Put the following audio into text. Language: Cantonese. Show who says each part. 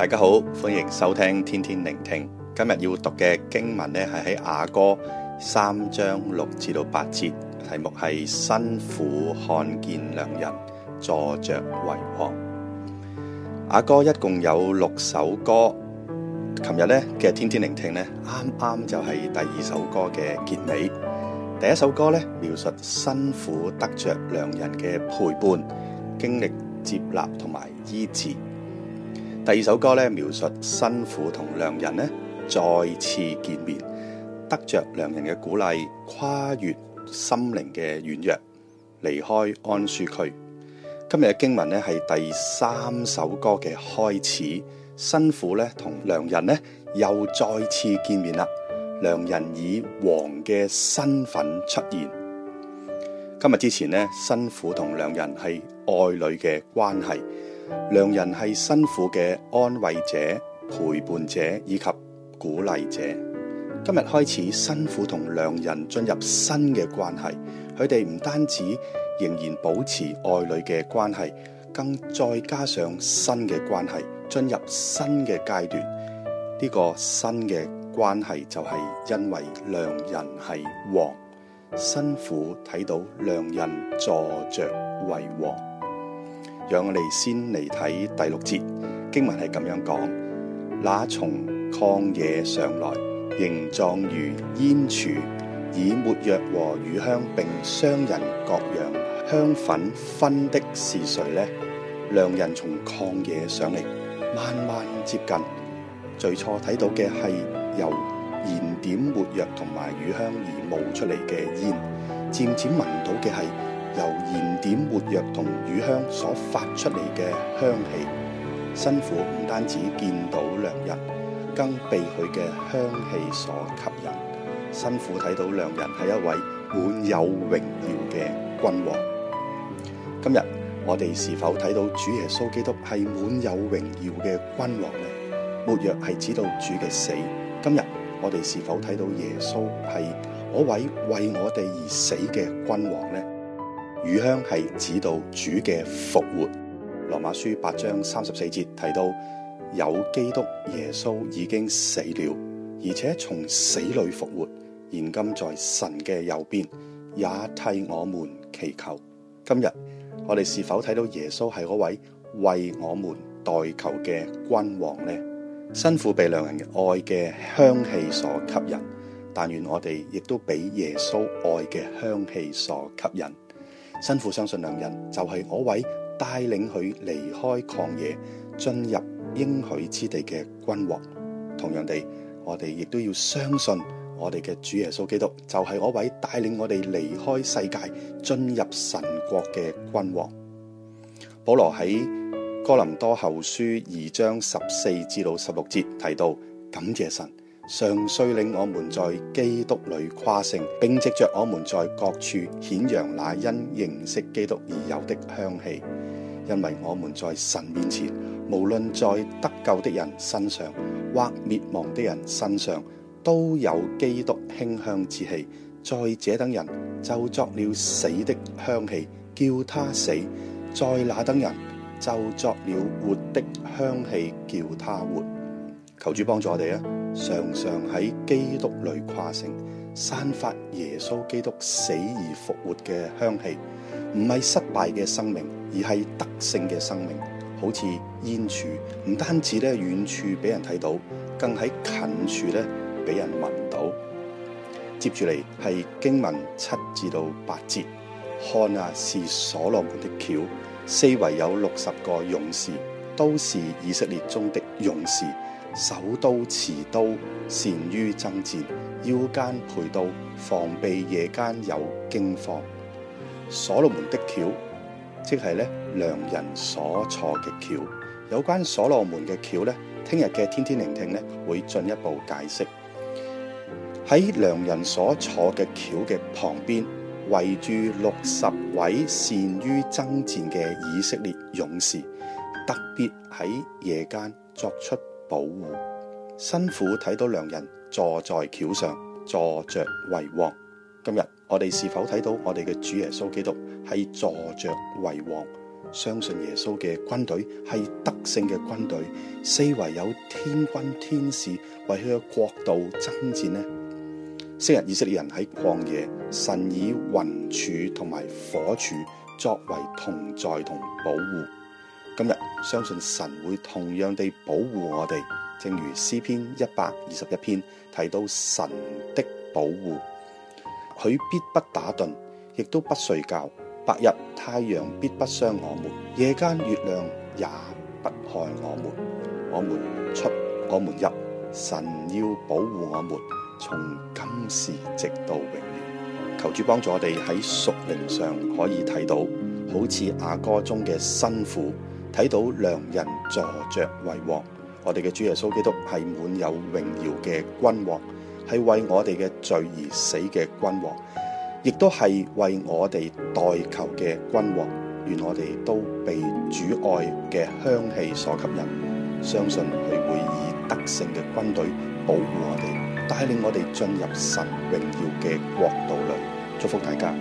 Speaker 1: 大家好，歡迎收聽天天靈聽。今日要讀嘅經文呢，係喺雅歌三章六至到八節，題目係新婦看見良人，坐着為王。雅歌一共有六首歌，琴日呢嘅天天靈聽呢，啱啱就係第二首歌嘅結尾。第一首歌呢，描述新婦得着良人嘅陪伴，經歷接納同埋醫治。第二首歌咧，描述新婦同良人呢再次見面，得着良人嘅鼓勵，跨越心靈嘅軟弱，離開安舒區。今日嘅經文呢，係第三首歌嘅開始，新婦咧同良人呢又再次見面啦。良人以王嘅身份出現。今日之前呢，新婦同良人係愛侶嘅關係。良人係新婦嘅安慰者、陪伴者以及鼓勵者。今日開始，新婦同良人進入新嘅關係，佢哋唔單止仍然保持愛侶嘅關係，更再加上新嘅關係，進入新嘅階段。呢個新嘅關係就係因為良人係王，新婦睇到良人坐着為王。讓我哋先嚟睇第六節經文係咁樣講：那從曠野上來，形狀如煙柱，以沒藥和乳香並商人各樣香粉熏的是誰呢？良人從曠野上嚟，慢慢接近，最初睇到嘅係由燃點沒藥同埋乳香而冒出嚟嘅煙，漸漸聞到嘅係，由燃點沒藥同乳香所發出嚟嘅香氣，新婦唔單止見到良人，更被佢嘅香氣所吸引。新婦睇到良人係一位滿有榮耀嘅君王。今日我哋是否睇到主耶穌基督係滿有榮耀嘅君王呢？沒藥係指到主嘅死。今日我哋是否睇到耶穌係嗰位為我哋而死嘅君王呢？乳香係指到主嘅復活。羅馬書八章三十四節提到，有基督耶穌已經死了，而且從死裏復活，現今在神嘅右邊，也替我們祈求。今日我哋是否睇到耶穌係嗰位為我們代求嘅君王呢？新婦被良人愛嘅香氣所吸引，但願我哋亦都俾耶穌愛嘅香氣所吸引。新婦相信良人就係嗰位帶領佢離開曠野進入應許之地嘅君王。同樣地，我哋亦都要相信我哋嘅主耶穌基督就係嗰位帶領我哋離開世界進入神國嘅君王。保羅喺哥林多後書二章十四至到十六節提到，感謝神。常帥領我們在基督裏誇勝，並藉着我們在各處顯揚那因認識基督而有的香氣，因為我們在神面前，無論在得救的人身上或滅亡的人身上，都有基督馨香之氣。在這等人就作了死的香氣，叫他死；在那等人就作了活的香氣，叫他活。求主幫助我哋啊！常常喺基督裡誇勝，散發耶穌基督死而復活嘅香氣，唔係失敗嘅生命，而係得勝嘅生命，好似煙柱，唔單止咧遠處俾人睇到，更喺近處咧俾人聞到。接住嚟係經文七至到八節，看啊，是所羅門的轎，四圍有六十個勇士，都是以色列中的勇士。手都持刀，善於爭戰；腰間佩刀，防備夜間有驚慌。所羅門的轎，即係咧良人所坐嘅轎。有關所羅門嘅轎咧，聽日嘅天天靈聽咧會進一步解釋。喺良人所坐嘅轎嘅旁邊，圍住六十位善於征戰嘅以色列勇士，特別喺夜間作出。保護，新婦睇到良人坐在轎上，坐着為王。今日我哋是否睇到我哋嘅主耶穌基督係坐着為王？相信耶穌嘅軍隊係得勝嘅軍隊，四圍有天軍天使為佢嘅國度爭戰呢？昔日以色列人喺曠野，神以雲柱同埋火柱作為同在同保護。今日，相信神會同樣地保護我哋，正如詩篇一百二十一篇提到神的保護，佢必不打盹，亦都不睡覺。白日太陽必不傷我們，夜間月亮也不害我們。我們出，我們入，神要保護我們，從今時直到永遠。求主幫助我哋喺屬靈上可以睇到，好似雅歌中嘅新婦。睇到良人坐着為王，我哋嘅主耶穌基督係滿有榮耀嘅君王，係為我哋嘅罪而死嘅君王，亦都係為我哋代求嘅君王。願我哋都被主愛嘅香氣所吸引，相信佢會以得勝嘅軍隊保護我哋，帶領我哋進入神榮耀嘅國度裏，祝福大家。